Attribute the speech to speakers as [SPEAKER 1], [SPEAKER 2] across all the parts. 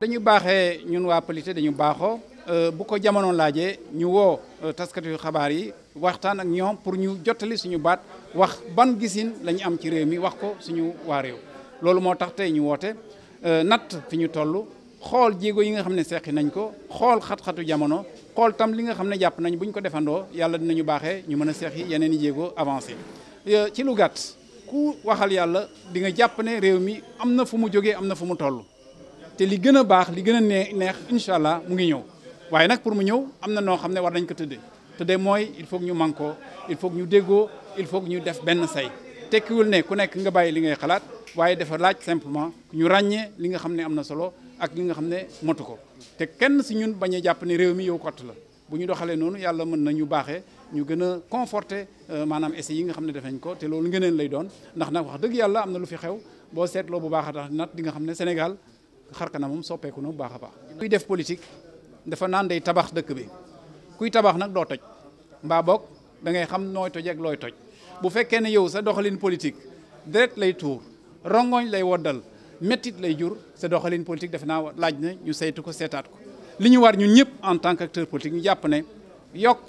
[SPEAKER 1] dañu baaxee ñun waa Polité dañu baaxoo euh, bu ko jamono laajee ñu woo euh, taskatu xabaar yi waxtaan ak ñoom pour ñu jottali suñu baat wax ban gisin lañu am ci réew mi wax ko suñu waa réew loolu moo tax tey ñu woote euh, natt fi ñu toll xool jéego yi nga xam ne seqi nañ ko xool xat-xatu jamono xool tam li nga xam ne jàpp nañ bu ko defandoo yàlla dinañu baaxee ñu mën a seqi yeneen i jéego avancé ci lu gàtt ku waxal yàlla di nga jàpp ne réew mi am na fu mu jógee am na fu mu toll te li gën a baax li gën a neex incha allah mu ngi ñëw waaye nag pour mu ñëw am na noo xam ne war nañ ko tëddee tëddee mooy il faut que ñu mànkoo il faut ñu déggoo il faut ñu def benn say tekkiwul ne ku nekk nga bàyyi li ngay xalaat waaye dafa laaj simplement ñu ràññee li nga xam ne am na solo ak li nga xam ne motu ko te kenn si ñun bañ a jàpp ne réew mi yow kott la bu ñu doxalee noonu yàlla mën na ñu baaxee ñu gën a conforté euh, maanaam essais yi nga xam ne def nañ ko te loolu ngëneen lay doon ndax na wax dëgg yàlla am na lu fi xew boo seetloo bu baax a tax nat di nga xam ne Sénégal xar kanamam soppeeku na bu baax a baax. kuy def politique dafa naan day tabax dëkk bi kuy tabax nag doo toj mbaa boog da ngay xam nooy toj looy toj bu fekkee ne yow sa doxalin politique deret lay tuur rongoñ lay woddal méttit lay jur sa doxalin politique defe naa laaj na ñu saytu ko seetaat ko li ñu war ñun ñëpp en tant que qu'acteur politique ñu jàpp ne yokk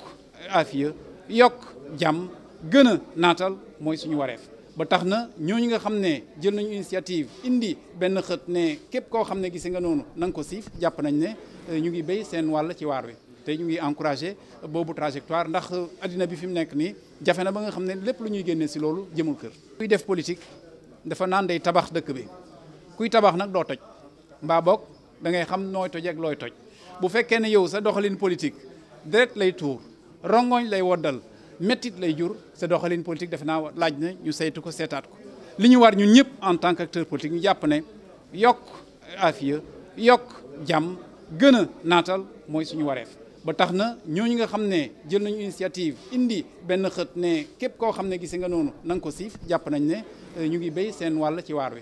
[SPEAKER 1] afiya yokk jàmm gën a naatal mooy suñu wareef. ba tax na ñu nga xam ne jël nañu initiative indi benn xët ne képp koo xam ne gise nga noonu nanga ko siif jàpp nañ ne euh, ñu ngi béy seen wàll ci waar wi te ñu ngi encouragé boobu trajectoire ndax euh, addina bi fi mu nekk nii jafe na ba nga xam ne lépp lu ñuy génne si loolu jëmul kër. kuy def politique dafa naan day tabax dëkk bi kuy tabax nag doo toj mbaa boog da ngay xam nooy toj looy toj bu fekkee ne yow sa doxalin politique deret lay tuur rongoñ lay woddal. méttit lay jur sa doxalin politique defe naa laaj na ñu saytu ko seetaat ko li ñu war ñun ñëpp en tant qu'acteur politique ñu jàpp ne yokk afiya yokk jàmm gën a naatal mooy suñu wareef ba tax na ñoo ñooñu nga xam ne jël nañu initiative indi benn xët ne képp koo xam ne gise nga noonu nanga ko siif jàpp nañ ne euh, ñu ngi béy seen wàll ci waar wi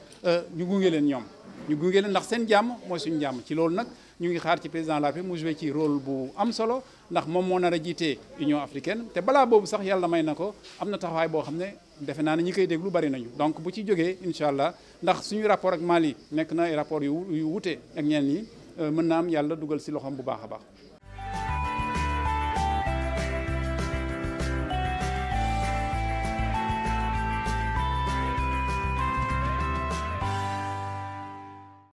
[SPEAKER 1] Euh, ñu gunge leen ñoom ñu gunge leen ndax seen jàmm mooy suñu jàmm ci loolu nag ñu ngi xaar ci président de la République mu joué ci rôle bu am solo ndax moom moo na a jiite Union africaine te balaa boobu sax yàlla may na ko am na taxawaay boo xam ne defe naa ne ñi koy déglu bari nañu donc bu ci jógee incha allah ndax suñu rapport ak Mali nekk na ay rapport yu yu wute ak ñeneen ñi euh, mën naa am yàlla dugal si loxoom bu baax a baax